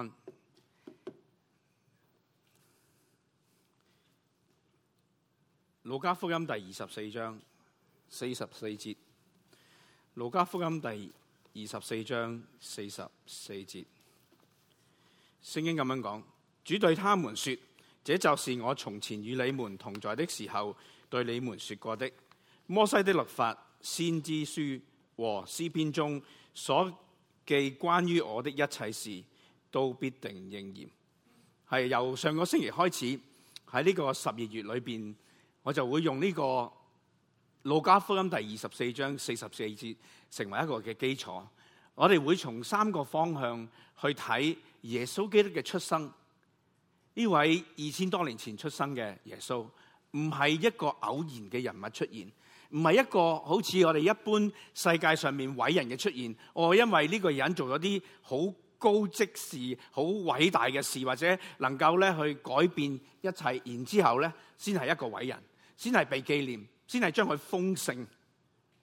《路加福音》第二十四章四十四節，《路加福音》第二十四章四十四節，聖經咁樣講：主對他們說，這就是我從前與你們同在的時候，對你們說過的。摩西的律法，先知書和詩篇中所記關於我的一切事。都必定應驗。係由上個星期開始，喺呢個十二月裏邊，我就會用呢、這個路加福音第二十四章四十四節成為一個嘅基礎。我哋會從三個方向去睇耶穌基督嘅出生。呢位二千多年前出生嘅耶穌，唔係一個偶然嘅人物出現，唔係一個好似我哋一般世界上面偉人嘅出現。我因為呢個人做咗啲好。高職事好偉大嘅事，或者能夠咧去改變一切，然之後咧先係一個偉人，先係被紀念，先係將佢封聖，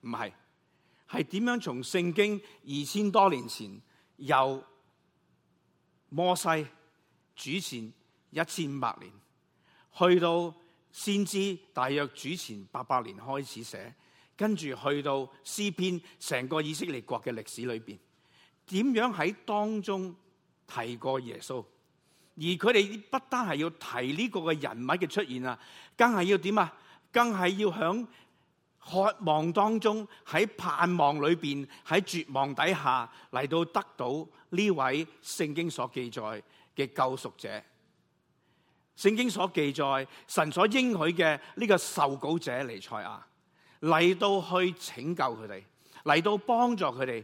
唔係係點樣從聖經二千多年前由摩西主前一千五百年去到先知大約主前八百年開始寫，跟住去到詩篇，成個以色列國嘅歷史裏邊。點樣喺當中提過耶穌？而佢哋不單係要提呢個嘅人物嘅出現啊，更係要點啊？更係要響渴望當中喺盼望裏邊喺絕望底下嚟到得到呢位聖經所記載嘅救贖者。聖經所記載神所應許嘅呢個受膏者彌賽亞嚟到去拯救佢哋，嚟到幫助佢哋。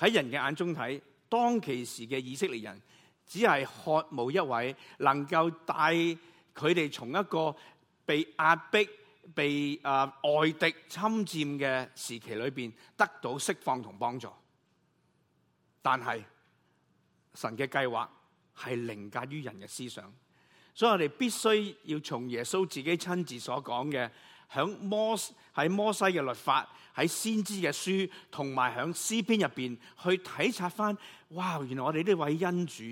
喺人嘅眼中睇，當其時嘅以色列人只係渴慕一位能夠帶佢哋從一個被壓迫、被啊外敵侵佔嘅時期裏邊得到釋放同幫助。但係神嘅計劃係凌駕於人嘅思想，所以我哋必須要從耶穌自己親自所講嘅。響摩喺摩西嘅律法，喺先知嘅書，同埋響詩篇入邊去體察返，哇！原來我哋呢位恩主，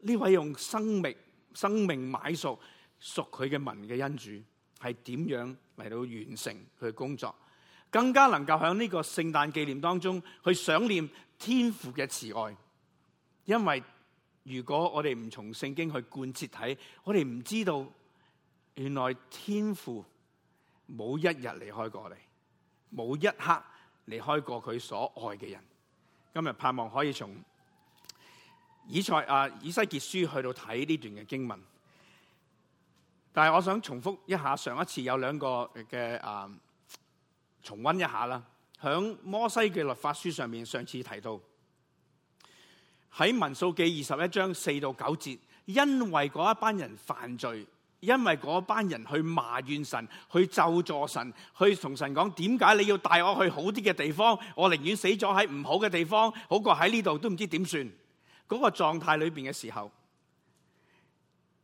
呢位用生命生命買贖贖佢嘅民嘅恩主，係點樣嚟到完成佢工作，更加能夠響呢個聖誕紀念當中去想念天父嘅慈愛。因為如果我哋唔從聖經去貫徹睇，我哋唔知道原來天父。冇一日離開過你，冇一刻離開過佢所愛嘅人。今日盼望可以從以賽啊以西結書去到睇呢段嘅經文，但係我想重複一下上一次有兩個嘅啊，重溫一下啦。響摩西嘅律法書上面上次提到喺民數記二十一章四到九節，因為嗰一班人犯罪。因為嗰班人去埋怨神，去咒詛神，去同神講：點解你要帶我去好啲嘅地方？我寧願死咗喺唔好嘅地方，好過喺呢度都唔知點算。嗰個狀態裏邊嘅時候，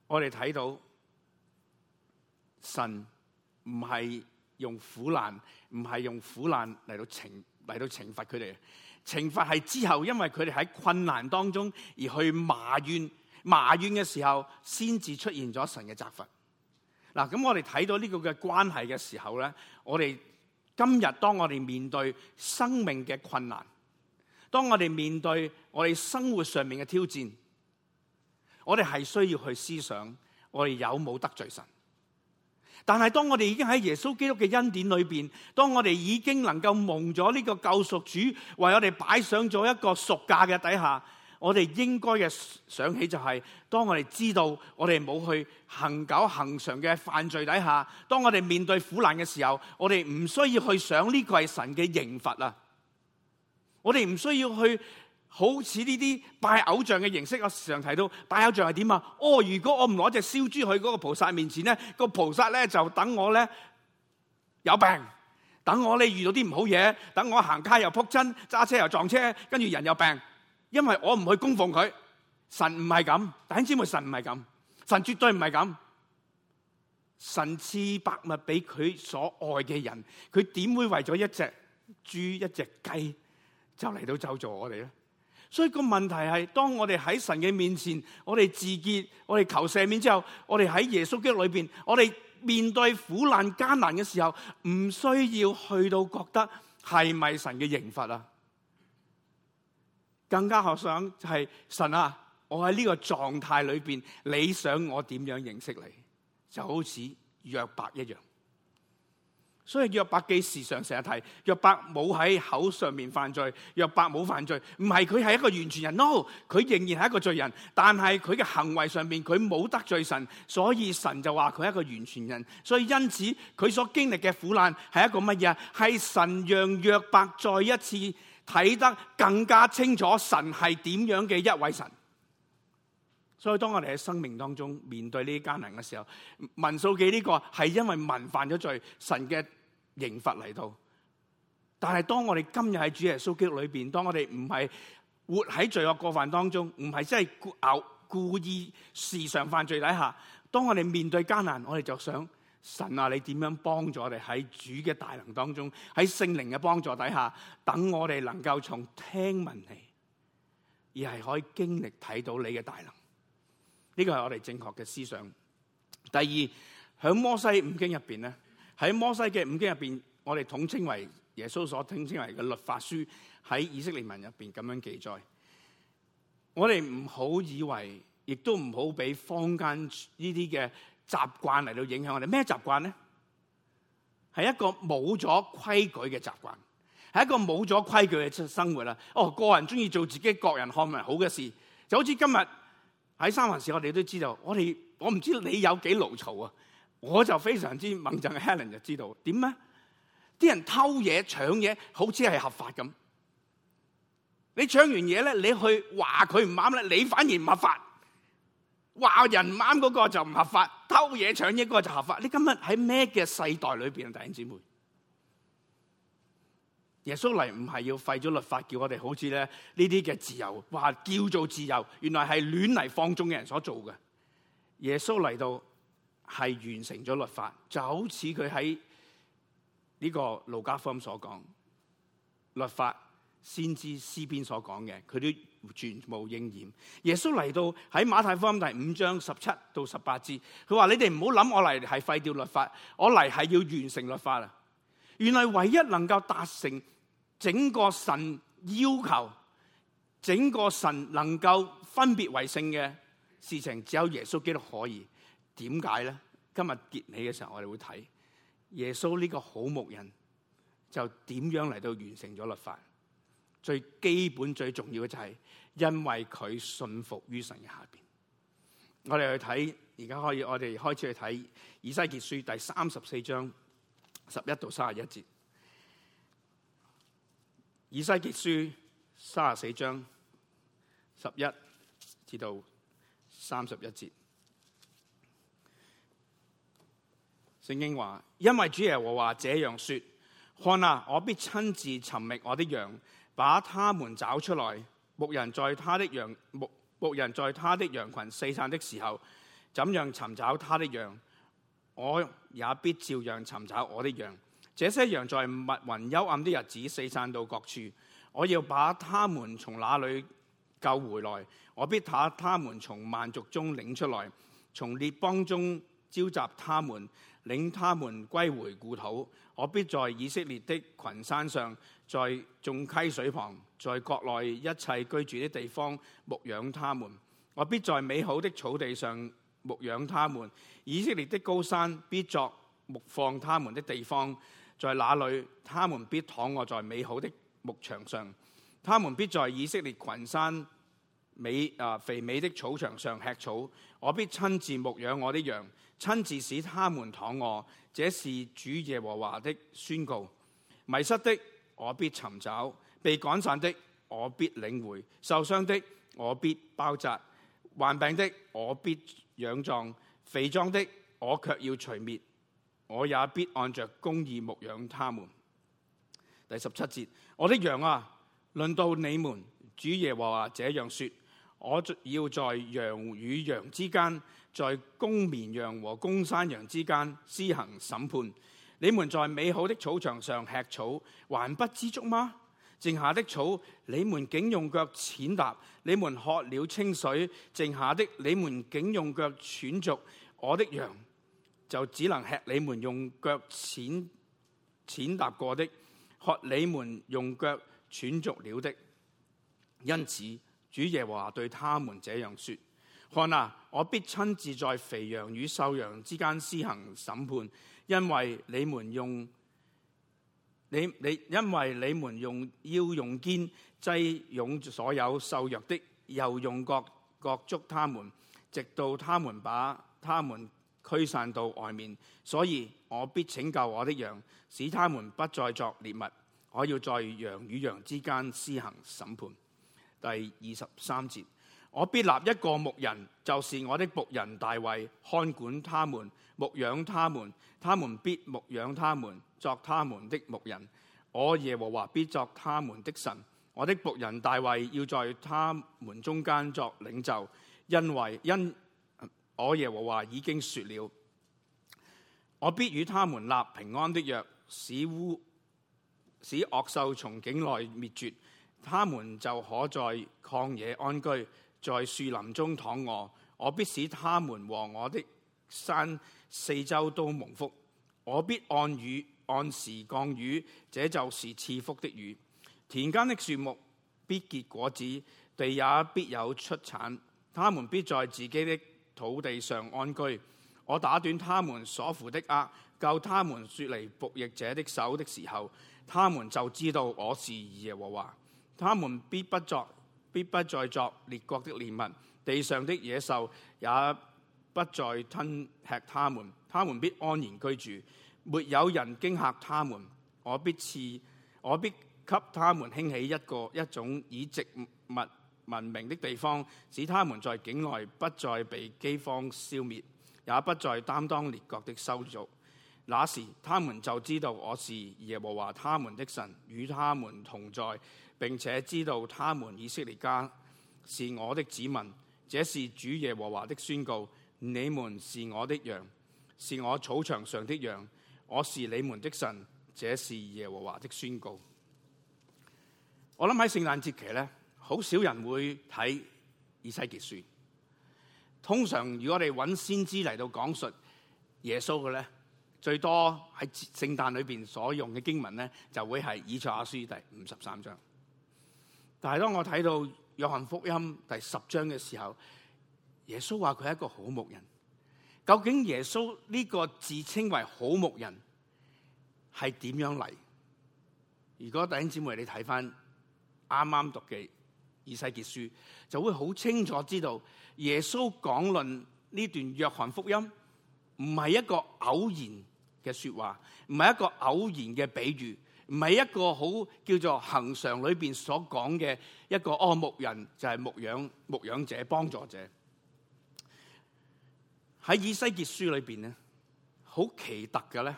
我哋睇到神唔係用苦難，唔係用苦難嚟到懲嚟到懲罰佢哋。懲罰係之後，因為佢哋喺困難當中而去埋怨。埋怨嘅時,時候，先至出現咗神嘅責罰。嗱，咁我哋睇到呢個嘅關係嘅時候咧，我哋今日當我哋面對生命嘅困難，當我哋面對我哋生活上面嘅挑戰，我哋係需要去思想我哋有冇得罪神。但係當我哋已經喺耶穌基督嘅恩典裏邊，當我哋已經能夠蒙咗呢個救贖主為我哋擺上咗一個贖價嘅底下。我哋應該嘅想起就係，當我哋知道我哋冇去恒久恒常嘅犯罪底下，當我哋面對苦難嘅時候，我哋唔需要去想呢個係神嘅刑罰啊！我哋唔需要去好似呢啲拜偶像嘅形式。我時常提到拜偶像係點啊？哦，如果我唔攞隻燒豬去嗰個菩薩面前咧，個菩薩咧就等我咧有病，等我咧遇到啲唔好嘢，等我行街又仆親，揸車又撞車，跟住人又病。因為我唔去供奉佢，神唔係咁，弟兄姊妹，神唔係咁，神絕對唔係咁。神賜百物俾佢所愛嘅人，佢點會為咗一隻豬、一隻雞就嚟到咒詛我哋咧？所以個問題係，當我哋喺神嘅面前，我哋自潔，我哋求赦免之後，我哋喺耶穌基督裏邊，我哋面對苦難艱難嘅時候，唔需要去到覺得係咪神嘅刑罰啊？更加可想就係神啊！我喺呢個狀態裏邊，你想我點樣認識你？就好似約伯一樣。所以約伯記時常成日提約伯冇喺口上面犯罪，約伯冇犯罪，唔係佢係一個完全人咯，佢，no, 仍然係一個罪人。但係佢嘅行為上面，佢冇得罪神，所以神就話佢係一個完全人。所以因此佢所經歷嘅苦難係一個乜嘢？係神讓約伯再一次。睇得更加清楚，神係點樣嘅一位神。所以當我哋喺生命當中面對呢啲艱難嘅時候，民數記呢個係因為民犯咗罪，神嘅刑罰嚟到。但係當我哋今日喺主耶穌基督裏邊，當我哋唔係活喺罪惡過犯當中，唔係真係拗故意時常犯罪底下，當我哋面對艱難，我哋就想。神啊，你點樣幫助我哋喺主嘅大能當中，喺聖靈嘅幫助底下，等我哋能夠從聽聞嚟，而係可以經歷睇到你嘅大能。呢個係我哋正確嘅思想。第二，喺摩西五經入邊咧，喺摩西嘅五經入邊，我哋統稱為耶穌所稱稱為嘅律法書，喺以色列文入邊咁樣記載。我哋唔好以為，亦都唔好俾坊間呢啲嘅。習慣嚟到影響我哋咩習慣咧？係一個冇咗規矩嘅習慣，係一個冇咗規矩嘅生活啦。哦，個人中意做自己個人看唔好嘅事，就好似今日喺三藩市，我哋都知道，我哋我唔知你有幾勞嘈啊！我就非常之憤震嘅 Helen 就知道點啊！啲人偷嘢搶嘢，好似係合法咁。你搶完嘢咧，你去話佢唔啱咧，你反而唔合法。話人唔啱嗰個就唔合法。偷嘢搶應該就合法。你今日喺咩嘅世代裏邊啊，弟兄姊妹？耶穌嚟，唔係要廢咗律法，叫我哋好似咧呢啲嘅自由，話叫做自由，原來係亂嚟放縱嘅人所做嘅。耶穌嚟到係完成咗律法，就好似佢喺呢個路加福音所講，律法先知、詩篇所講嘅，佢都。全無應驗。耶穌嚟到喺馬太福音第五章十七到十八節，佢話：你哋唔好諗我嚟係廢掉律法，我嚟係要完成律法啊！原來唯一能夠達成整個神要求、整個神能夠分別為聖嘅事情，只有耶穌基督可以。點解咧？今日結起嘅時候，我哋會睇耶穌呢個好牧人，就點樣嚟到完成咗律法。最基本、最重要的就係因為佢信服於神嘅下邊，我哋去睇而家可以，我哋開始去睇以西結書第三十四章十一到三十一節，以西結書三十四章十一至到三十一節，聖經話：因為主耶和華這樣說，看啊，我必親自尋覓我的羊。把他們找出來，牧人在他的羊，牧人在他的羊羣四散的時候，怎樣尋找他的羊？我也必照樣尋找我的羊。這些羊在密雲幽暗的日子四散到各處，我要把他們從那裏救回來。我必把他，他們從萬族中領出來，從列邦中召集他們。領他們歸回故土，我必在以色列的群山上，在眾溪水旁，在國內一切居住的地方牧養他們；我必在美好的草地上牧養他們。以色列的高山必作牧放他們的地方，在那裏他們必躺臥在美好的牧場上，他們必在以色列群山美啊肥美的草場上吃草。我必親自牧養我的羊。親自使他們躺臥，這是主耶和華的宣告。迷失的我必尋找，被趕散的我必領回，受傷的我必包紮，患病的我必養壯，肥壯的我卻要除滅。我也必按着公義牧養他們。第十七節，我的羊啊，論到你們，主耶和華這樣說我要在羊與羊之間，在公綿羊和公山羊之間施行審判。你們在美好的草場上吃草，還不知足嗎？剩下的草，你們竟用腳踐踏；你們喝了清水，剩下的你們竟用腳踐足。我的羊就只能吃你們用腳踐踐踏過的，喝你們用腳踐足了的。因此，主耶和華對他們這樣說：看啊，我必親自在肥羊與瘦羊之間施行審判，因為你們用你你，因為你們用腰用肩擠擁所有瘦弱的，又用角角捉他們，直到他們把他們驅散到外面。所以我必拯救我的羊，使他們不再作獵物。我要在羊與羊之間施行審判。第二十三節，我必立一個牧人，就是我的僕人大衛，看管他們，牧養他們，他們必牧養他們，作他們的牧人。我耶和華必作他們的神。我的僕人大衛要在他們中間作領袖，因為因我耶和華已經說了，我必與他們立平安的約，使烏使惡獸從境內滅絕。他們就可在曠野安居，在樹林中躺卧。我必使他們和我的山四周都蒙福。我必按雨按時降雨，這就是賜福的雨。田間的樹木必結果子，地也必有出產。他們必在自己的土地上安居。我打斷他們所負的軛，救他們脫離服役者的手的時候，他們就知道我是耶和華。他們必不作，必不再作列國的獵物。地上的野獸也不再吞吃他們。他們必安然居住，沒有人驚嚇他們。我必賜，我必給他們興起一個一種以植物聞名的地方，使他們在境內不再被饑荒消滅，也不再擔當列國的羞辱。那時，他們就知道我是耶和華他們的神，與他們同在。並且知道他們以色列家是我的子民，這是主耶和華的宣告。你們是我的羊，是我草場上的羊。我是你們的神，這是耶和華的宣告。我諗喺聖誕節期咧，好少人會睇以西結書。通常如果我哋搵先知嚟到講述耶穌嘅咧，最多喺聖誕裏邊所用嘅經文咧，就會係以賽亞書第五十三章。但係當我睇到約翰福音第十章嘅時候，耶穌話佢係一個好牧人。究竟耶穌呢個自稱為好牧人係點樣嚟？如果弟兄姊妹你睇返啱啱讀嘅以西結書，就會好清楚知道耶穌講論呢段約翰福音唔係一個偶然嘅說話，唔係一個偶然嘅比喻。唔係一個好叫做恆常裏邊所講嘅一個。哦，牧人就係牧養、牧養者、幫助者。喺以西結書裏邊咧，好奇特嘅咧，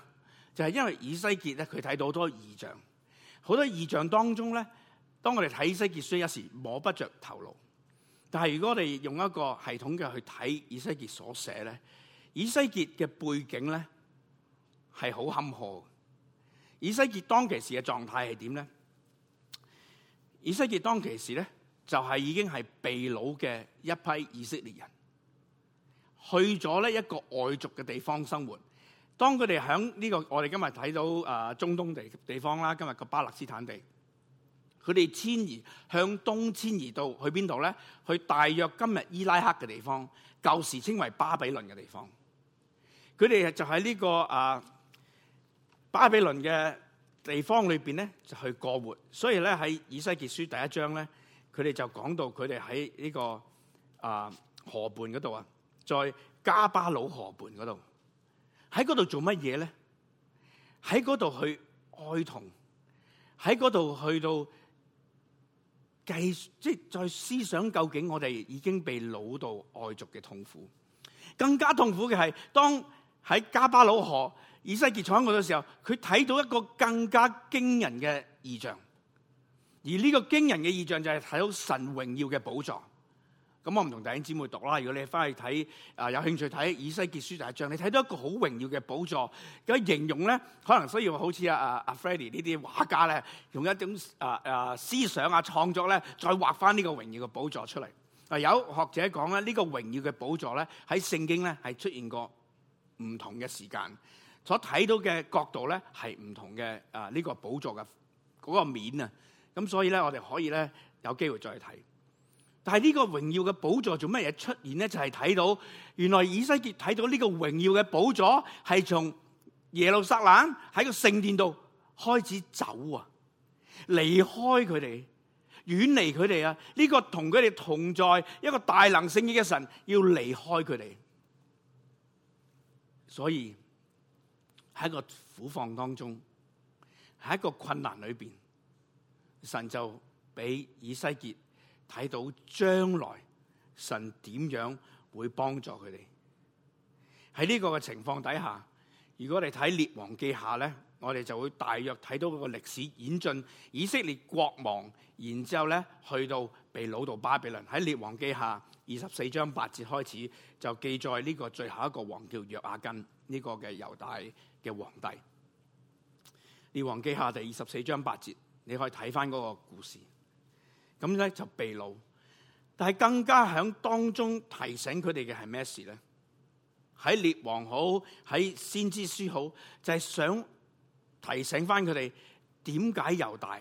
就係因為以西結咧，佢睇到好多異象，好多異象當中咧，當我哋睇以西結書一時摸不着頭腦。但係如果我哋用一個系統嘅去睇以西結所寫咧，以西結嘅背景咧係好坎坷。以西結當其時嘅狀態係點咧？以西結當其時咧，就係、是、已經係被擄嘅一批以色列人，去咗咧一個外族嘅地方生活。當佢哋喺呢個，我哋今日睇到、啊、中東地地方啦，今日個巴勒斯坦地，佢哋遷移向東遷移到去邊度咧？去大約今日伊拉克嘅地方，舊時稱為巴比倫嘅地方。佢哋就喺呢、這個啊。巴比倫嘅地方裏邊咧就去過活，所以咧喺以西結書第一章咧，佢哋就講到佢哋喺呢個啊河畔嗰度啊，在加巴魯河畔嗰度，喺嗰度做乜嘢咧？喺嗰度去哀痛，喺嗰度去到計，即係在思想究竟我哋已經被擄到外族嘅痛苦，更加痛苦嘅係當喺加巴魯河。以西結坐喺我嘅時候，佢睇到一個更加驚人嘅異象。而呢個驚人嘅異象就係睇到神榮耀嘅寶座。咁我唔同弟兄姊妹讀啦。如果你係翻去睇啊，有興趣睇《以西結書》就係將你睇到一個好榮耀嘅寶座。咁形容咧，可能需要好似阿阿阿 Freddie 呢啲畫家咧，用一種啊啊思想啊創作咧，再畫翻呢個榮耀嘅寶座出嚟。有學者講咧，呢、這個榮耀嘅寶座咧，喺聖經咧係出現過唔同嘅時間。所睇到嘅角度咧，係唔同嘅啊，呢個寶座嘅嗰個面啊，咁所以咧，我哋可以咧有機會再睇。但係呢個榮耀嘅寶座做乜嘢出現咧？就係睇到，原來以西結睇到呢個榮耀嘅寶座係從耶路撒冷喺個聖殿度開始走啊，離開佢哋，遠離佢哋啊，呢個同佢哋同在一個大能聖潔嘅神要離開佢哋，所以。喺一個苦況當中，喺一個困難裏邊，神就俾以西結睇到將來神點樣會幫助佢哋。喺呢個嘅情況底下，如果你睇列王記下咧，我哋就會大約睇到一個歷史演進，以色列國亡，然之後咧去到被擄到巴比倫。喺列王記下二十四章八節開始就記載呢個最後一個王叫約雅斤。呢、這個嘅猶大嘅皇帝，列王紀下第二十四章八節，你可以睇翻嗰個故事。咁咧就被擄，但係更加響當中提醒佢哋嘅係咩事咧？喺列王好，喺先知書好，就係、是、想提醒翻佢哋點解猶大，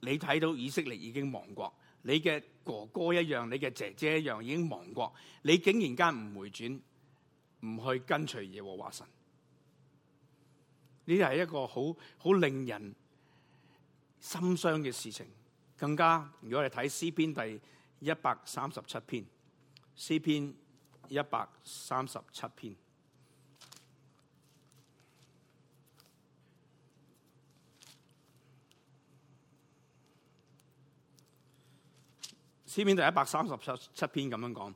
你睇到以色列已經亡國，你嘅哥哥一樣，你嘅姐姐一樣已經亡國，你竟然間唔回轉。唔去跟隨耶和華神，呢係一個好令人心傷嘅事情。更加如果你睇詩篇第一百三十七篇，詩篇一百三十七篇，詩篇第一百三十七篇咁樣講。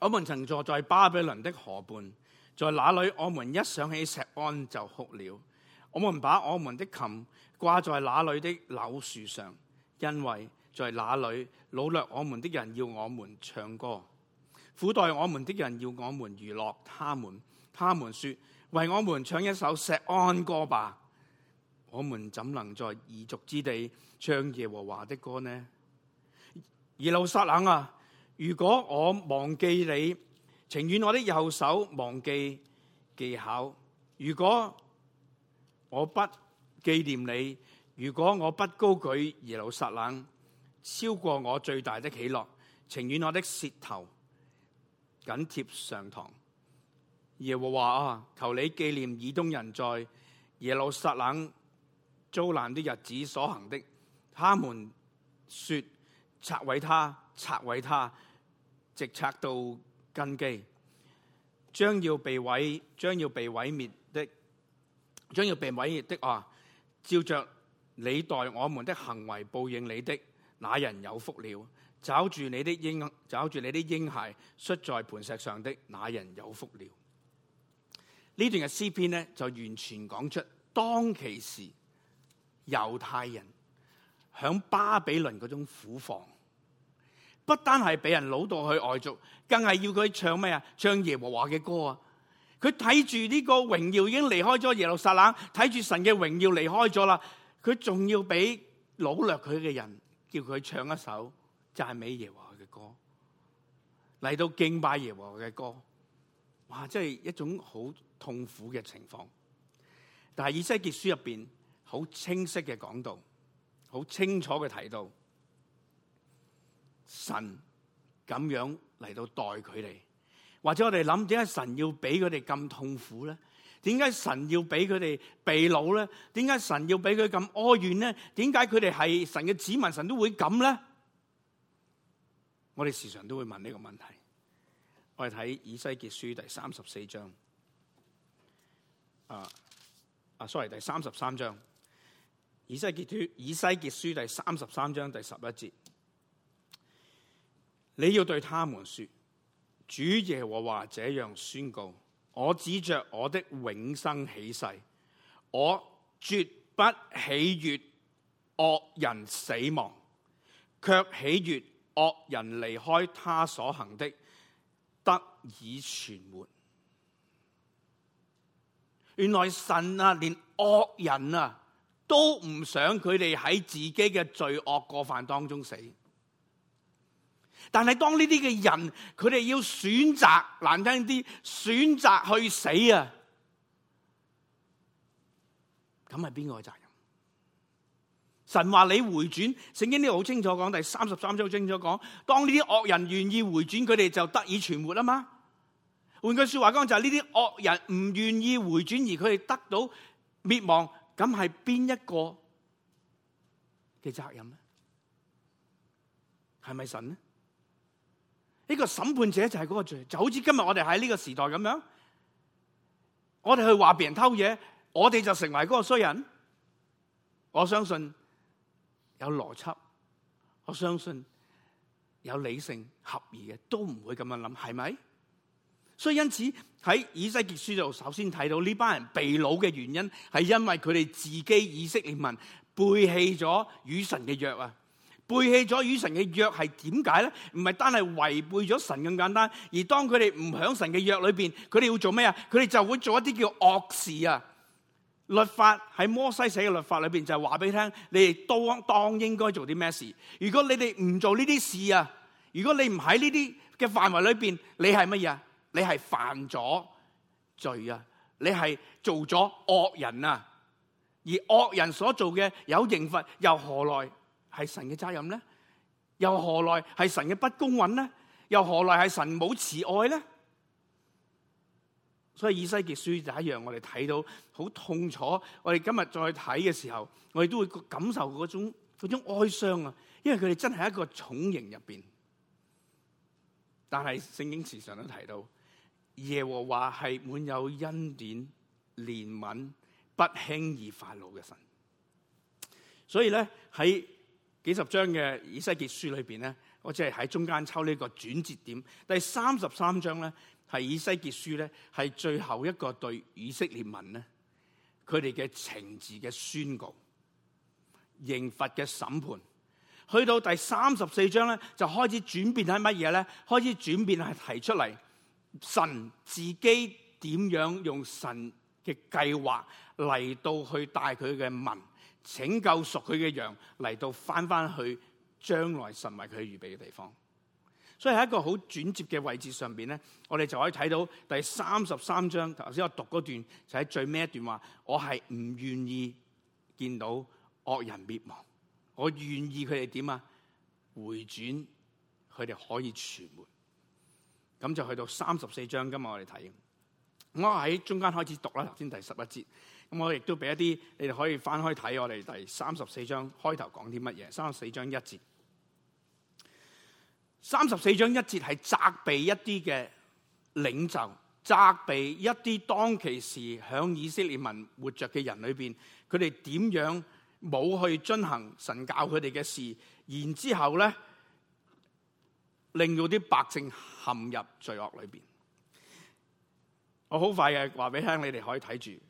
我們曾坐在巴比倫的河畔，在那裏我們一想起錫安就哭了。我們把我們的琴掛在那裏的柳樹上，因為在那裏擄掠我們的人要我們唱歌，苦待我們的人要我們娛樂他們。他們說：為我們唱一首錫安歌吧。我們怎能在異族之地唱耶和華的歌呢？耶路撒冷啊！如果我忘記你，情願我的右手忘記技巧；如果我不紀念你，如果我不高舉耶路撒冷，超過我最大的喜樂，情願我的舌頭緊貼上堂。耶和華啊，求你紀念以東人在耶路撒冷遭難的日子所行的，他們說，拆毀他，拆毀他。直拆到根基，將要被毀，將要被毀滅的，將要被毀滅的啊！照着你待我們的行為報應你的那人有福了；找住你的嬰，找住你的嬰孩摔在磐石上的那人有福了。呢段嘅詩篇呢，就完全講出當其時猶太人響巴比倫嗰種苦況。不單係俾人擄到去外族，更係要佢唱咩啊？唱耶和華嘅歌啊！佢睇住呢個榮耀已經離開咗耶路撒冷，睇住神嘅榮耀離開咗啦，佢仲要俾擄掠佢嘅人叫佢唱一首讚美耶和華嘅歌，嚟到敬拜耶和華嘅歌。哇！真係一種好痛苦嘅情況。但係以西結書入邊好清晰嘅講到，好清楚嘅睇到，神咁樣嚟到待佢哋，或者我哋諗，點解神要俾佢哋咁痛苦咧？點解神要俾佢哋被擄咧？點解神要俾佢咁哀怨咧？點解佢哋係神嘅子民，神都會咁咧？我哋時常都會問呢個問題。我哋睇以西結書第三十四章，啊啊，sorry，第三十三章，以西結書以西結書第三十三章第十一節。你要對他們說，主耶和華這樣宣告：我指着我的永生起誓，我絕不喜悦惡人死亡，却喜悦惡人離開他所行的，得以存活。原來神啊，連惡人啊，都唔想佢哋喺自己嘅罪惡過犯當中死。但係當呢啲嘅人，佢哋要選擇難聽啲，選擇去死啊！咁係邊個嘅責任？神話你回轉，聖經呢度好清楚講，第三十三章清楚講，當呢啲惡人願意回轉，佢哋就得以存活啦嘛。換句說話講，就係呢啲惡人唔願意回轉而佢哋得到滅亡，咁係邊一個嘅責任咧？係咪神咧？呢、這個審判者就係嗰個罪，就好似今日我哋喺呢個時代咁樣，我哋去話別人偷嘢，我哋就成為嗰個衰人。我相信有邏輯，我相信有理性合意嘅，都唔會咁樣諗，係咪？所以因此喺以西結書度，首先睇到呢班人被擄嘅原因，係因為佢哋自己以色列民背棄咗與神嘅約啊。背棄咗與神嘅約係點解咧？唔係單係違背咗神咁簡單，而當佢哋唔響神嘅約裏邊，佢哋要做咩啊？佢哋就會做一啲叫惡事啊！律法喺摩西寫嘅律法裏邊就係話俾你聽，你哋當當應該做啲咩事？如果你哋唔做呢啲事啊，如果你唔喺呢啲嘅範圍裏邊，你係乜嘢？你係犯咗罪啊！你係做咗惡人啊！而惡人所做嘅有刑罰，又何來？係神嘅責任咧，又何來係神嘅不公允咧？又何來係神冇慈愛咧？所以以西結書就一樣，我哋睇到好痛楚。我哋今日再睇嘅時候，我哋都會感受嗰種嗰種哀傷啊！因為佢哋真係一個重刑入邊。但係聖經詞上都提到，耶和華係滿有恩典、憐憫、不輕易發怒嘅神。所以咧喺幾十章嘅以西結書裏邊咧，我只係喺中間抽呢個轉折點。第三十三章咧，係以西結書咧，係最後一個對以色列民咧，佢哋嘅懲治嘅宣告、刑罰嘅審判。去到第三十四章咧，就開始轉變喺乜嘢咧？開始轉變係提出嚟神自己點樣用神嘅計劃嚟到去帶佢嘅民。拯救熟佢嘅羊嚟到翻翻去將來神為佢預備嘅地方，所以喺一個好轉折嘅位置上邊咧，我哋就可以睇到第三十三章頭先我讀嗰段就喺最尾一段話，我係唔願意見到惡人滅亡，我願意佢哋點啊？回轉佢哋可以存活。」咁就去到三十四章，今日我哋睇，我喺中間開始讀啦，頭先第十一節。咁我亦都俾一啲，你哋可以翻開睇我哋第三十四章開頭講啲乜嘢？三十四章一節，三十四章一節係責備一啲嘅領袖，責備一啲當其時響以色列民活着嘅人裏邊，佢哋點樣冇去遵行神教佢哋嘅事，然之後咧，令到啲百姓陷入罪惡裏邊。我好快嘅話俾你聽，你哋可以睇住。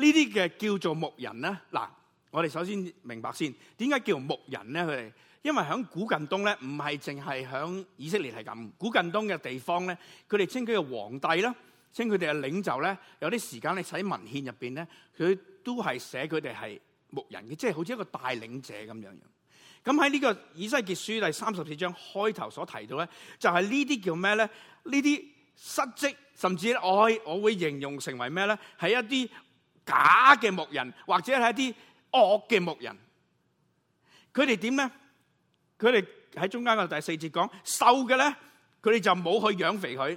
呢啲嘅叫做牧人咧，嗱，我哋首先明白先，點解叫牧人咧？佢哋因為響古近東咧，唔係淨係響以色列係咁，古近東嘅地方咧，佢哋稱佢嘅皇帝啦，稱佢哋嘅領袖咧，有啲時間喺文獻入邊咧，佢都係寫佢哋係牧人嘅，即係好似一個帶領者咁樣樣，咁喺呢個以西結書第三十四章開頭所提到咧，就係呢啲叫咩咧？呢啲失職，甚至我會我會形容成為咩咧？喺一啲。假嘅牧人或者係一啲惡嘅牧人，佢哋點咧？佢哋喺中間嘅第四節講，瘦嘅咧，佢哋就冇去養肥佢；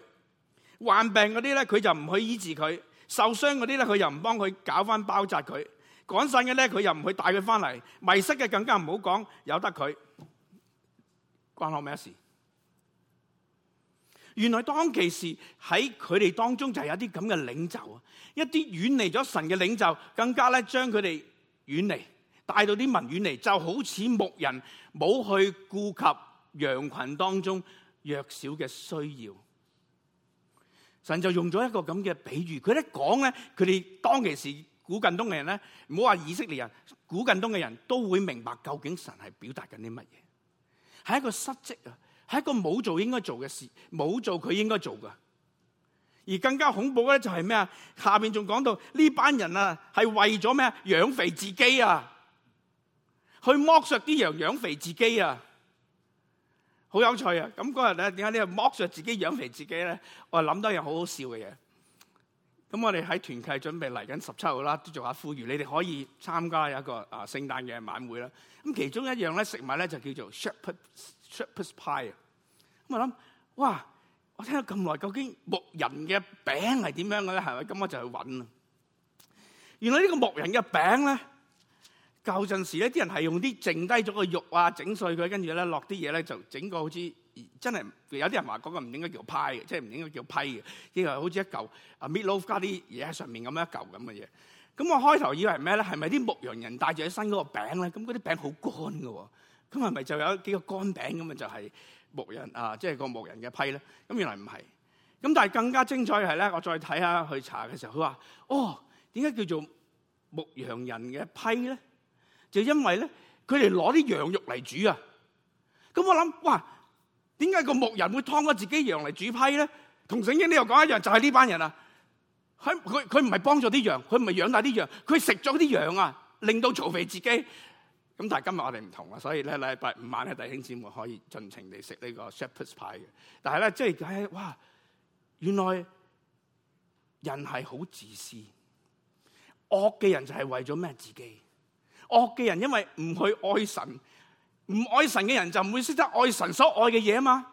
患病嗰啲咧，佢就唔去醫治佢；受傷嗰啲咧，佢又唔幫佢搞翻包紮佢；趕散嘅咧，佢又唔去帶佢翻嚟；迷失嘅更加唔好講，由得佢，關我咩事？原來當其時喺佢哋當中就有啲咁嘅領袖啊，一啲遠離咗神嘅領袖，更加咧將佢哋遠離，帶到啲民遠離，就好似牧人冇去顧及羊群當中弱小嘅需要。神就用咗一個咁嘅比喻，佢一講咧，佢哋當其時古近東嘅人咧，唔好話以色列人，古近東嘅人都會明白究竟神係表達緊啲乜嘢，係一個失職啊！係一個冇做應該做嘅事，冇做佢應該做㗎。而更加恐怖嘅就係咩啊？下面仲講到呢班人啊，係為咗咩啊？養肥自己啊，去剝削啲羊養肥自己啊。好有趣啊！咁嗰日咧，點解你剝削自己養肥自己咧？我諗到一樣好好笑嘅嘢。咁我哋喺團契準備嚟緊十七號啦，都做下富裕，你哋可以參加有一個啊聖誕嘅晚會啦。咁其中一樣咧食物咧就叫做 s h a r p e r d pie 啊。咁我諗，哇！我聽咗咁耐，究竟牧人嘅餅係點樣嘅咧？係咪？咁我就去揾啊。原來這個木呢個牧人嘅餅咧，舊陣時咧啲人係用啲剩低咗嘅肉啊，整碎佢，跟住咧落啲嘢咧就整好啲。真係有啲人話嗰個唔應該叫派嘅，即係唔應該叫批嘅。呢個好似一嚿啊，meat loaf 加啲嘢喺上面咁樣一嚿咁嘅嘢。咁我開頭以為咩咧？係咪啲牧羊人帶住喺身嗰個餅咧？咁嗰啲餅好乾嘅喎，哦，咁係咪就有幾個乾餅咁，就是、啊？就係、是、牧人啊，即係個牧人嘅批咧？咁原來唔係咁，但係更加精彩係咧。我再睇下去查嘅時候，佢話：哦，點解叫做牧羊人嘅批咧？就因為咧，佢哋攞啲羊肉嚟煮啊。咁我諗哇！點解個牧人會劏咗自己羊嚟煮批咧？同聖經呢度講一樣，就係、是、呢班人啊，喺佢佢唔係幫助啲羊，佢唔係養大啲羊，佢食咗啲羊啊，令到肥自己。咁但係今日我哋唔同啦，所以咧，禮拜五晚咧，弟兄姊妹可以盡情地食呢個 Shepherd's Pie 嘅。但係咧，即係唉，哇！原來人係好自私，惡嘅人就係為咗咩自己？惡嘅人因為唔去愛神。唔愛神嘅人就唔會識得愛神所愛嘅嘢啊嘛，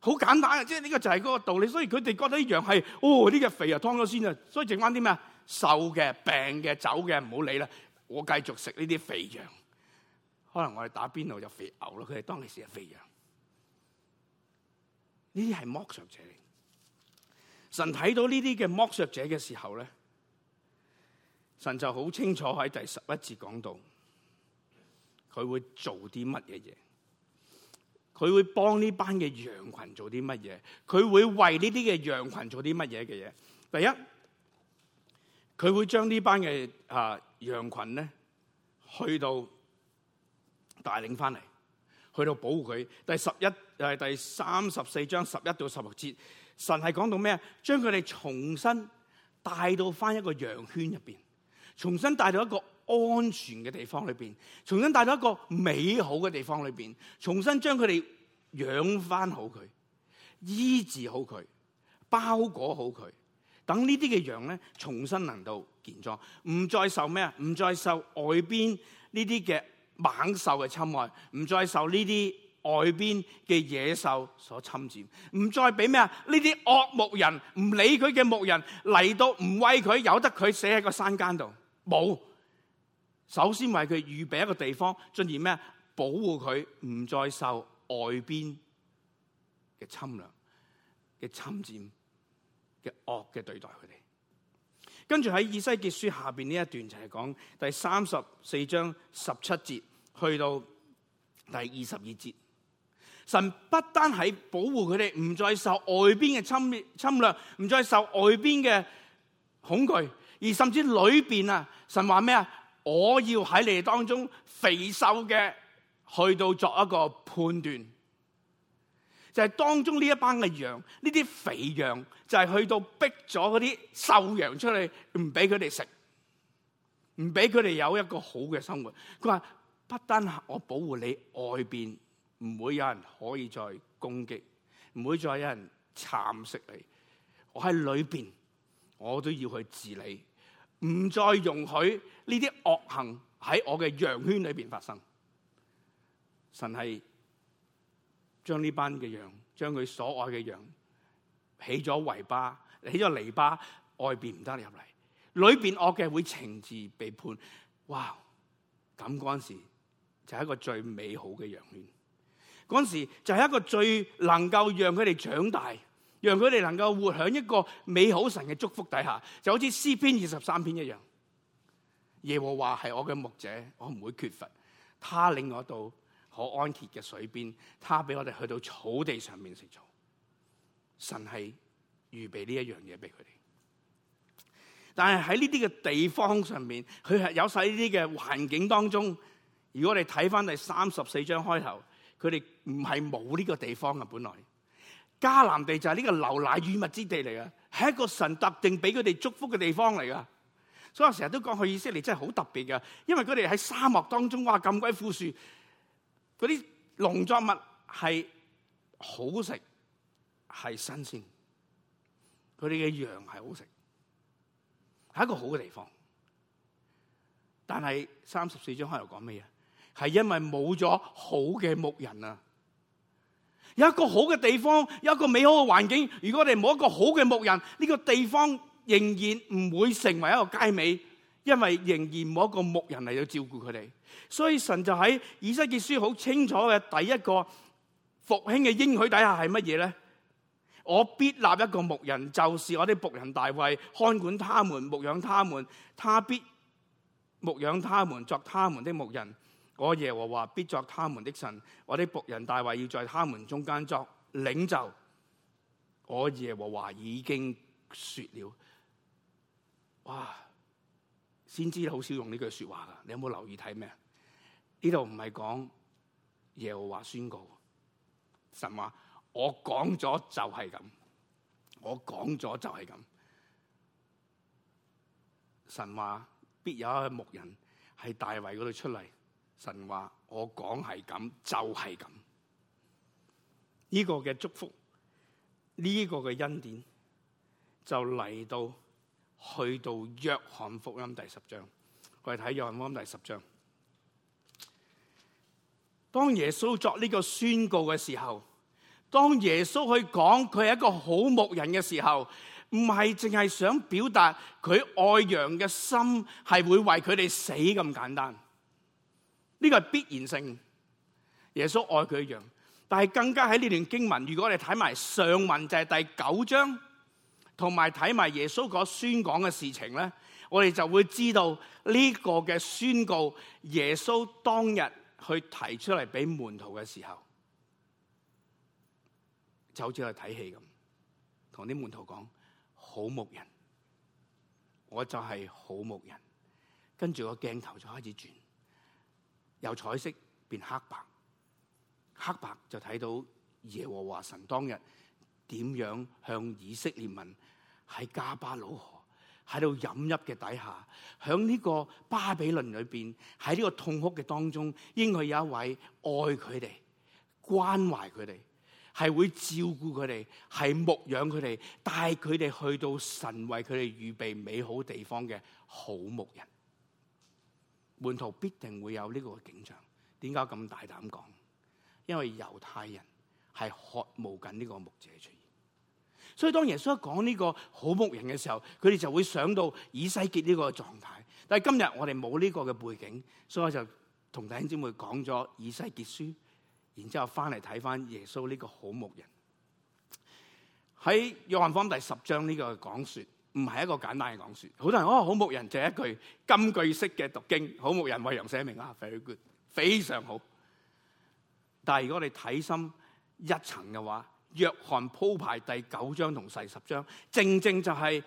好簡單啊即係呢個就係嗰個道理。所以佢哋覺得啲羊係，哦，呢個肥啊，劏咗先啊，所以剩翻啲咩啊，瘦嘅、病嘅、走嘅，唔好理啦，我繼續食呢啲肥羊。可能我哋打邊爐就肥牛啦，佢哋當你食係肥羊。呢啲係剝削者嚟。神睇到呢啲嘅剝削者嘅時候咧，神就好清楚喺第十一節講到。佢會做啲乜嘅嘢？佢會幫呢班嘅羊群做啲乜嘢？佢會為呢啲嘅羊群做啲乜嘢嘅嘢？第一，佢會將呢班嘅啊羊群呢，去到帶領翻嚟，去到保護佢。第十一係第三十四章十一到十六節，神係講到咩？將佢哋重新帶到翻一個羊圈入邊，重新帶到一個。安全嘅地方裏邊，重新帶到一個美好嘅地方裏邊，重新將佢哋養翻好佢，醫治好佢，包裹好佢，等呢啲嘅羊咧，重新能夠健壯，唔再受咩啊？唔再受外邊呢啲嘅猛獸嘅侵害，唔再受呢啲外邊嘅野獸所侵佔，唔再俾咩啊？呢啲惡牧人唔理佢嘅牧人嚟到唔餵佢，由得佢死喺個山間度，冇。首先為佢預備一個地方，進而咩？保護佢唔再受外邊嘅侵略、嘅侵占、嘅惡嘅對待佢哋。跟住喺以西結書下邊呢一段就係講第三十四章十七節去到第二十二節，神不單喺保護佢哋唔再受外邊嘅侵侵略，唔再受外邊嘅恐懼，而甚至裏邊啊，神話咩啊？我要喺你哋當中肥瘦嘅去到作一個判斷，就係當中呢一班嘅羊，呢啲肥羊就係去到逼咗嗰啲瘦羊出嚟，唔俾佢哋食，唔俾佢哋有一個好嘅生活。佢話不單我保護你，外邊唔會有人可以再攻擊，唔會再有人蠶食你。我喺裏邊，我都要去治理。唔再容許呢啲惡行喺我嘅羊圈裏邊發生。神係將呢班嘅羊，將佢所愛嘅羊，起咗圍笆，起咗籬笆，外邊唔得入嚟，裏邊惡嘅會情治被判。哇！咁嗰時就係一個最美好嘅羊圈，嗰時就係一個最能夠讓佢哋長大。讓佢哋能夠活喺一個美好神嘅祝福底下，就好似詩篇二十三篇一樣。耶和華係我嘅牧者，我唔會缺乏。他領我到可安歇嘅水邊，他俾我哋去到草地上面食草。神係預備呢一樣嘢俾佢哋。但係喺呢啲嘅地方上面，佢係有晒呢啲嘅環境當中。如果你睇翻第三十四章開頭，佢哋唔係冇呢個地方嘅本來。迦南地就係呢個牛奶與蜜之地嚟噶係一個神特定俾佢哋祝福嘅地方嚟噶所以我成日都講，去以色列真係好特別噶因為佢哋喺沙漠當中哇，咁鬼富庶，嗰啲農作物係好食，係新鮮，佢哋嘅羊係好食，係一個好嘅地方。但係三十四章開頭講咩嘢？係因為冇咗好嘅牧人啊！有一個好嘅地方，有一個美好嘅環境。如果我哋冇一個好嘅牧人，呢、這個地方仍然唔會成為一個佳美，因為仍然冇一個牧人嚟到照顧佢哋。所以神就喺以西結書好清楚嘅第一個復興嘅應許底下係乜嘢咧？我必立一個牧人，就是我的僕人大衛，看管他們，牧養他們，他必牧養他們作他們的牧人。我耶和華必作他們的神，我的僕人大衛要在他們中間作領袖。我耶和華已經說了，哇！先知好少用呢句說話噶，你有冇留意睇咩？呢度唔係講耶和華宣告，神話我講咗就係咁，我講咗就係咁。神話必有一個牧人喺大衛嗰度出嚟。神話我講係咁就係咁，呢個嘅祝福，呢個嘅恩典就嚟，到去到約翰福音第十章，我哋睇約翰福音第十章。當耶穌作呢個宣告嘅時候，當耶穌去講佢係一個好牧人嘅時候，唔係淨係想表達佢愛羊嘅心係會為佢哋死咁簡單。呢、這個係必然性，耶穌愛佢一樣，但係更加喺呢段經文，如果我哋睇埋上文就係第九章，同埋睇埋耶穌嗰宣講嘅事情咧，我哋就會知道呢個嘅宣告，耶穌當日去提出嚟俾門徒嘅時候，就好似去睇戲咁，同啲門徒講好牧人，我就係好牧人，跟住個鏡頭就開始轉。由彩色變黑白，黑白就睇到耶和華神當日點樣向以色列民喺加巴魯河喺度飲泣嘅底下，響呢個巴比倫裏邊喺呢個痛哭嘅當中，應該有一位愛佢哋、關懷佢哋，係會照顧佢哋，係牧養佢哋，帶佢哋去到神為佢哋預備美好地方嘅好牧人。門徒必定會有呢個景象，點解咁大膽講？因為猶太人係渴慕緊呢個牧者出現，所以當耶穌一講呢個好牧人嘅時候，佢哋就會想到以西結呢個狀態。但係今日我哋冇呢個嘅背景，所以我就同弟兄姊妹講咗以西結書，然之後翻嚟睇翻耶穌呢個好牧人喺約翰福音第十章呢個講說。唔係一個簡單嘅講說，好多人哦，好牧人就係一句金句式嘅讀經。好牧人為羊捨命啊，very good，非常好。但係如果我哋睇深一層嘅話，約翰鋪排第九章同第十章，正正就係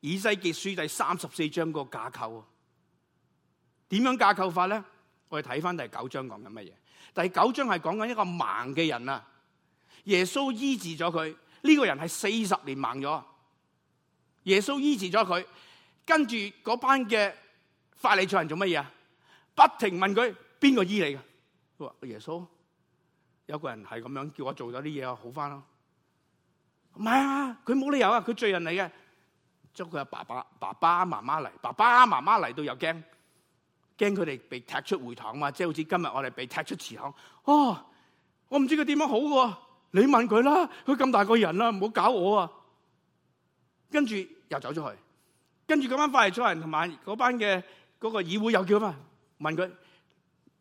以西結書第三十四章個架構啊。點樣架構法咧？我哋睇翻第九章講緊乜嘢？第九章係講緊一個盲嘅人啊，耶穌醫治咗佢，呢個人係四十年盲咗。耶穌醫治咗佢，跟住嗰班嘅法利賽人做乜嘢啊？不停問佢邊個醫你嘅？佢話耶穌。有個人係咁樣叫我做咗啲嘢，我好翻咯。唔係啊，佢冇理由啊，佢罪人嚟嘅。將佢阿爸爸、爸爸、媽媽嚟，爸爸媽媽嚟到又驚，驚佢哋被踢出會堂嘛。即係好似今日我哋被踢出祠堂。哦，我唔知佢點樣好嘅。你問佢啦，佢咁大個人啦，唔好搞我啊。跟住。又走咗去，跟住嗰班快嚟粗人同埋嗰班嘅嗰、那個議會又叫咩？問佢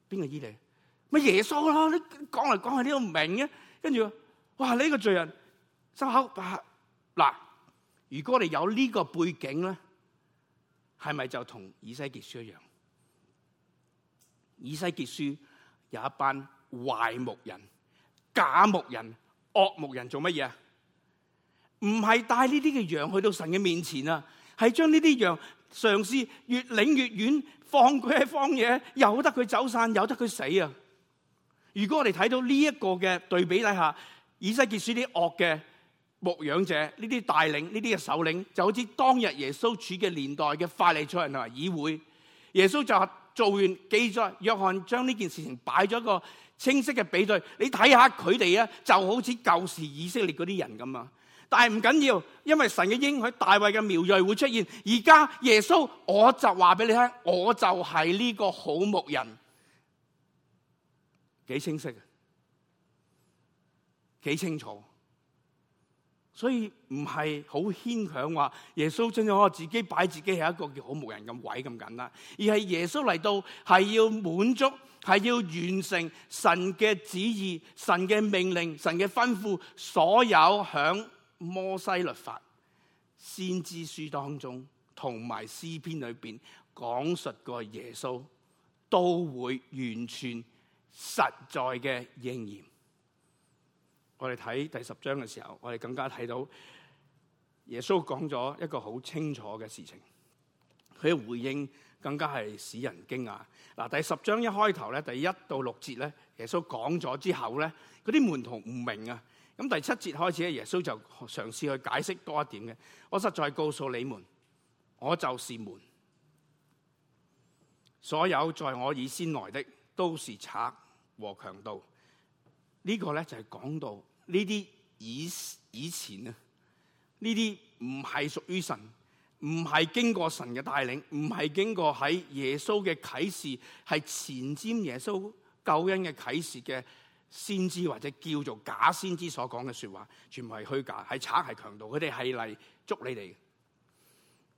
邊個伊利咪耶穌咯！你講嚟講去，你都唔明嘅。跟住，哇！你呢個罪人收口，嗱，如果我哋有呢個背景咧，係咪就同以西結書一樣？以西結書有一班壞牧人、假牧人、惡牧人做乜嘢？唔係帶呢啲嘅羊去到神嘅面前啊，係將呢啲羊嘗試越領越遠，放佢喺荒野，由得佢走散，由得佢死啊！如果我哋睇到呢一個嘅對比底下，以西結書啲惡嘅牧養者，呢啲帶領，呢啲嘅首領，就好似當日耶穌處嘅年代嘅法利賽人同埋議會，耶穌就係做完記載，約翰將呢件事情擺咗一個清晰嘅比對，你睇下佢哋啊，就好似舊時以色列嗰啲人咁啊。但係唔緊要，因為神嘅應許，大衛嘅苗裔會出現。而家耶穌，我就話俾你聽，我就係呢個好牧人，幾清晰嘅，幾清楚。所以唔係好牽強話耶穌真係可自己擺自己係一個叫好牧人嘅位咁簡單，而係耶穌嚟到係要滿足，係要完成神嘅旨意、神嘅命令、神嘅吩咐，所有響。摩西律法、先知書當中，同埋詩篇裏邊講述過耶穌，都會完全實在嘅應驗。我哋睇第十章嘅時候，我哋更加睇到耶穌講咗一個好清楚嘅事情，佢嘅回應更加係使人驚訝。嗱，第十章一開頭咧，第一到六節咧，耶穌講咗之後咧，嗰啲門徒唔明啊。咁第七節開始，耶穌就嘗試去解釋多一點嘅。我實在告訴你們，我就是門。所有在我以先來的，都是賊和強盜。呢、呢個咧就係講到呢啲以以前啊，呢啲唔係屬於神，唔係經過神嘅帶領，唔係經過喺耶穌嘅啟示，係前瞻耶穌救恩嘅啟示嘅。先知或者叫做假先知所講嘅說話，全部係虛假，係賊，係強盜，佢哋係嚟捉你哋。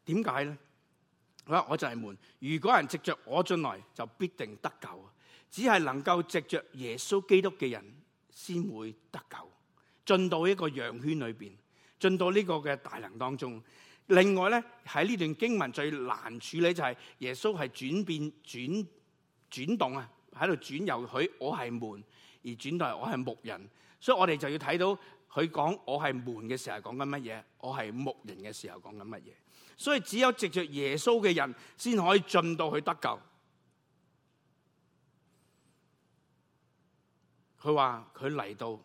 點解咧？我我就係門。如果人藉着我進來，就必定得救。只係能夠藉着耶穌基督嘅人先會得救，進到一個羊圈裏邊，進到呢個嘅大能當中。另外咧，喺呢段經文最難處理就係耶穌係轉變、轉轉動啊，喺度轉游佢。我係門。而轉到嚟，我係牧人，所以我哋就要睇到佢講我係門嘅時候講緊乜嘢，我係牧人嘅時候講緊乜嘢。所以只有藉着耶穌嘅人先可以進到去得救。佢話佢嚟到，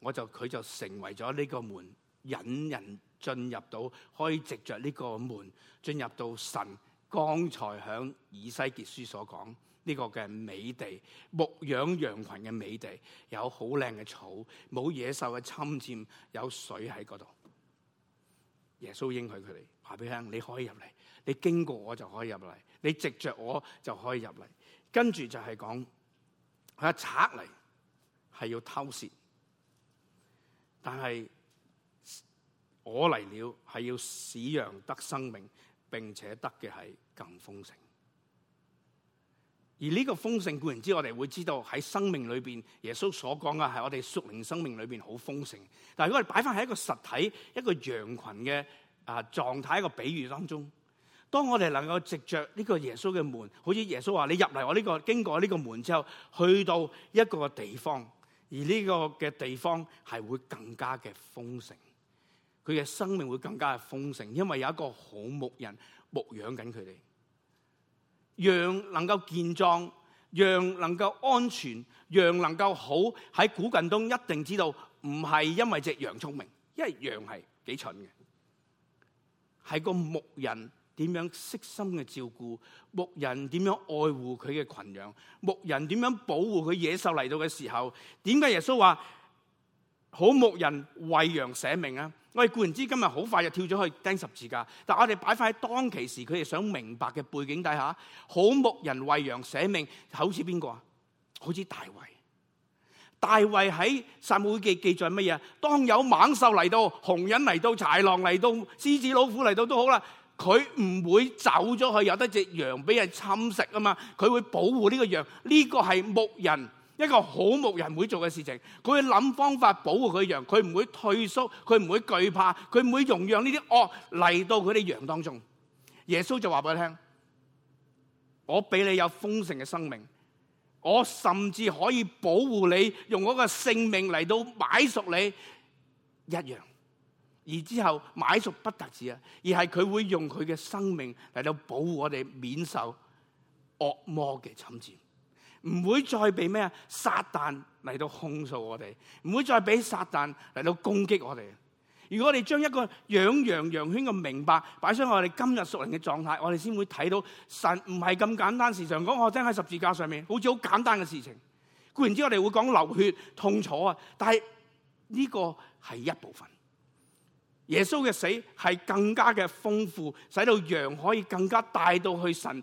我就佢就成為咗呢個門，引人進入到可以藉着呢個門進入到神。剛才響以西結書所講。呢、這個嘅美地牧養羊群嘅美地，有好靚嘅草，冇野獸嘅侵佔，有水喺嗰度。耶穌應許佢哋話俾佢聽，你可以入嚟，你經過我就可以入嚟，你藉着我就可以入嚟。跟住就係講，佢一賊嚟，係要偷竊，但係我嚟了，係要使羊得生命，並且得嘅係更豐盛。而呢個豐盛固然之，我哋會知道喺生命裏邊，耶穌所講嘅，係我哋屬靈生命裏邊好豐盛。但係如果我哋擺翻喺一個實體、一個羊群嘅啊狀態一個比喻當中，當我哋能夠藉著呢個耶穌嘅門，好似耶穌話你入嚟我呢個經過呢個門之後，去到一個地方，而呢個嘅地方係會更加嘅豐盛，佢嘅生命會更加嘅豐盛，因為有一個好牧人牧養緊佢哋。羊能夠健壯，羊能夠安全，羊能夠好，喺古近東一定知道，唔係因為隻羊聰明，因為羊係幾蠢嘅，係個牧人點樣悉心嘅照顧，牧人點樣愛護佢嘅群羊，牧人點樣保護佢野獸嚟到嘅時候，點解耶穌話好牧人為羊捨命啊？我哋固然知今日好快就跳咗去釘十字架，但係我哋擺翻喺當其時佢哋想明白嘅背景底下，好牧人為羊捨命，好似邊個啊？好似大衛。大衛喺《撒母耳記》記載乜嘢？當有猛獸嚟到，紅人嚟到，豺狼嚟到，獅子老虎嚟到都好啦，佢唔會走咗去，有得隻羊俾人侵食啊嘛，佢會保護呢個羊。呢、這個係牧人。一個好牧人會做嘅事情，佢會諗方法保護佢羊，佢唔會退縮，佢唔會懼怕，佢唔會容讓呢啲惡嚟到佢哋羊當中。耶穌就話俾佢聽，我俾你有豐盛嘅生命，我甚至可以保護你，用我嘅性命嚟到買贖你一樣。而之後買贖不特止啊，而係佢會用佢嘅生命嚟到保護我哋免受惡魔嘅侵佔。唔會再被咩啊？撒旦嚟到控訴我哋，唔會再俾撒旦嚟到攻擊我哋。如果我哋將一個養羊羊圈嘅明白擺上我哋今日屬靈嘅狀態，我哋先會睇到神唔係咁簡單事情。時常講我聽喺十字架上面好似好簡單嘅事情。固然之，我哋會講流血痛楚啊，但係呢個係一部分。耶穌嘅死係更加嘅豐富，使到羊可以更加帶到去神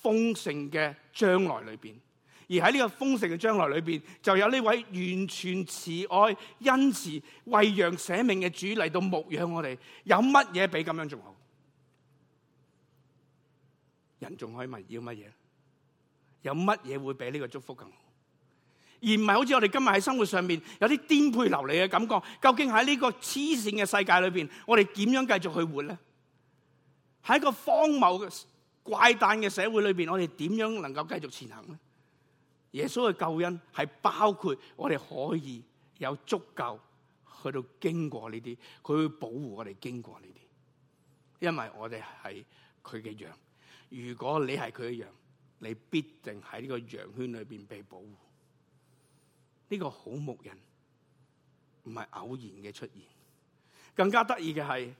豐盛嘅將來裏邊。而喺呢個豐盛嘅將來裏邊，就有呢位完全慈愛、恩慈、餵養、為羊捨命嘅主嚟到牧養我哋。有乜嘢比咁樣仲好？人仲可以問要乜嘢？有乜嘢會比呢個祝福更好？而唔係好似我哋今日喺生活上面有啲顛沛流離嘅感覺。究竟喺呢個黐線嘅世界裏邊，我哋點樣繼續去活呢？喺一個荒謬、怪誕嘅社會裏邊，我哋點樣能夠繼續前行呢？耶穌嘅救恩係包括我哋可以有足夠去到經過呢啲，佢會保護我哋經過呢啲，因為我哋係佢嘅羊。如果你係佢嘅羊，你必定喺呢個羊圈裏邊被保護。呢、這個好牧人唔係偶然嘅出現，更加得意嘅係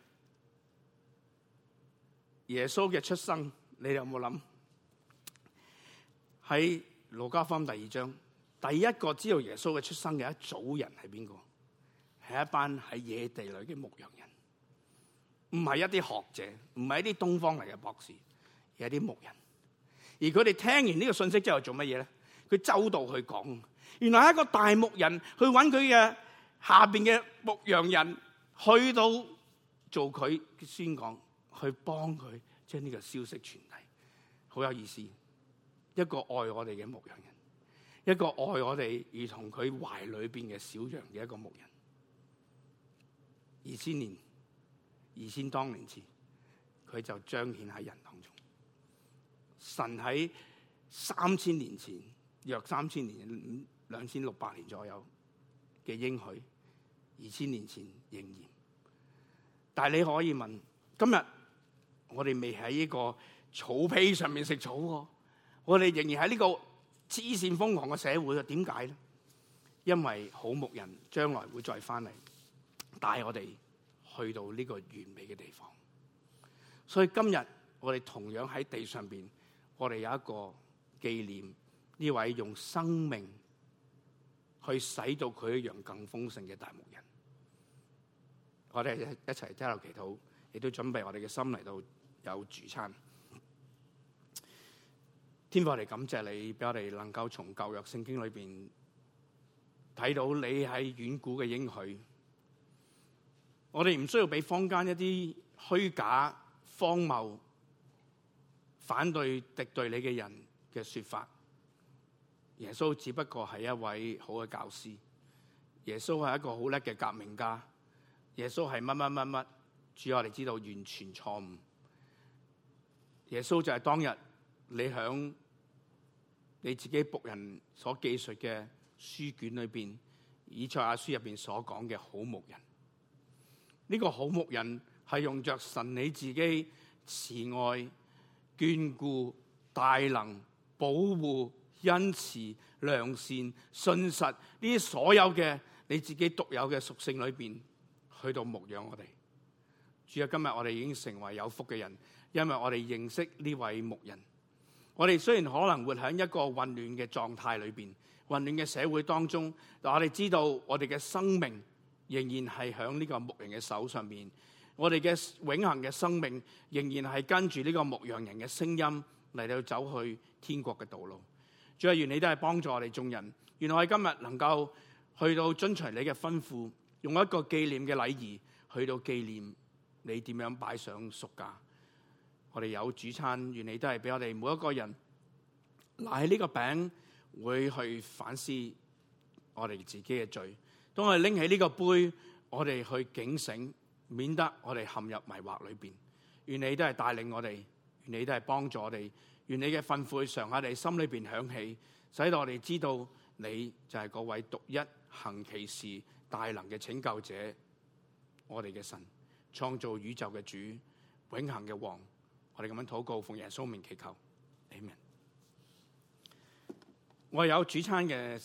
耶穌嘅出生，你有冇諗係？《路加福音》第二章，第一個知道耶穌嘅出生嘅一組人係邊個？係一班喺野地裏嘅牧羊人，唔係一啲學者，唔係一啲東方嚟嘅博士，而係啲牧人。而佢哋聽完呢個信息之後做乜嘢咧？佢周到去講，原來係一個大牧人去揾佢嘅下邊嘅牧羊人去到做佢宣講，去幫佢將呢個消息傳遞，好有意思。一個愛我哋嘅牧羊人，一個愛我哋如同佢懷裏面嘅小羊嘅一個牧人。二千年，二千多年前，佢就彰顯喺人當中。神喺三千年前，約三千年、兩千六百年左右嘅應許，二千年前仍然。但你可以問，今日我哋未喺呢個草皮上面食草啊？我哋仍然喺呢個黐綫瘋狂嘅社會啊？點解呢？因為好牧人將來會再返嚟帶我哋去到呢個完美嘅地方。所以今日我哋同樣喺地上面，我哋有一個紀念呢位用生命去使到佢一樣更豐盛嘅大牧人。我哋一齊低頭祈禱，亦都準備我哋嘅心嚟到有主餐。天父嚟，感謝你俾我哋能夠從舊約聖經裏邊睇到你喺遠古嘅應許。我哋唔需要俾坊間一啲虛假、荒謬、反對、敵對你嘅人嘅說法。耶穌只不過係一位好嘅教師，耶穌係一個好叻嘅革命家，耶穌係乜乜乜乜，主要我哋知道完全錯誤。耶穌就係當日你響。你自己僕人所記述嘅書卷裏邊，以賽亞書入邊所講嘅好牧人，呢個好牧人係用着神你自己慈愛、眷顧、大能、保護、恩慈、良善、信實呢啲所有嘅你自己獨有嘅屬性裏邊，去到牧養我哋。主啊，今日我哋已經成為有福嘅人，因為我哋認識呢位牧人。我哋雖然可能活喺一個混亂嘅狀態裏面，混亂嘅社會當中，但我哋知道我哋嘅生命仍然係喺呢個牧人嘅手上面。我哋嘅永恆嘅生命仍然係跟住呢個牧羊人嘅聲音嚟到走去天國嘅道路。主啊，願你都係幫助我哋眾人。原來我今日能夠去到遵循你嘅吩咐，用一個紀念嘅禮儀去到紀念你點樣擺上贖價。我哋有主餐，願你都係俾我哋每一個人拿起呢個餅，會去反思我哋自己嘅罪，當我哋拎起呢個杯，我哋去警醒，免得我哋陷入迷惑裏邊。願你都係帶領我哋，願你都係幫助我哋，願你嘅憤悔常喺你心裏邊響起，使到我哋知道你就係嗰位獨一行其事大能嘅拯救者，我哋嘅神，創造宇宙嘅主，永恆嘅王。我哋咁樣禱告，奉耶穌名祈求，阿門。我有主餐嘅。